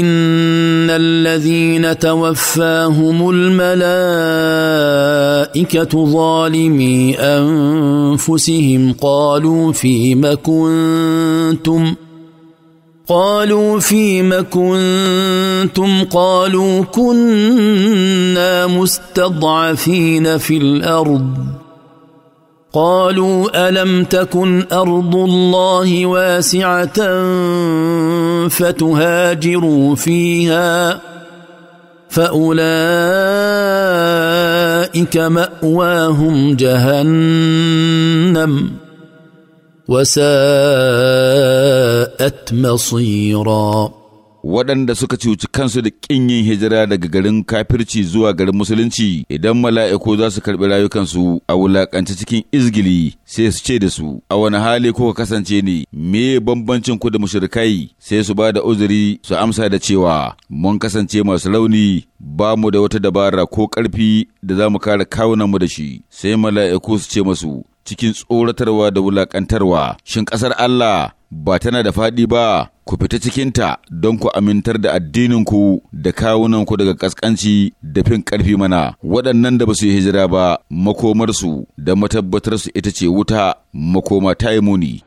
ان الذين توفاهم الملائكه ظالمي انفسهم قالوا فيم كنتم قالوا فيم كنتم قالوا كنا مستضعفين في الارض قالوا الم تكن ارض الله واسعه فتهاجروا فيها فاولئك ماواهم جهنم وساءت مصيرا waɗanda suka cuci kansu da ƙin yin hijira daga garin kafirci zuwa garin musulunci idan mala'iku za su karɓi rayukansu a wulaƙance cikin izgili sai su ce da su a wani hali kuka kasance ne me bambancin ku da mushrikai sai su ba da uzuri su amsa da cewa mun kasance masu rauni ba mu da wata dabara ko ƙarfi da za mu kare kawunanmu da shi sai mala'iku su ce masu cikin tsoratarwa da wulaƙantarwa, shin ƙasar Allah ba tana da faɗi ba, ku fita cikinta don ku amintar da addininku da kawunanku daga ƙasƙanci da fin ƙarfi mana, waɗannan da ba su yi hijira ba makomarsu da matabbatarsu ita ce wuta makoma ta yi muni.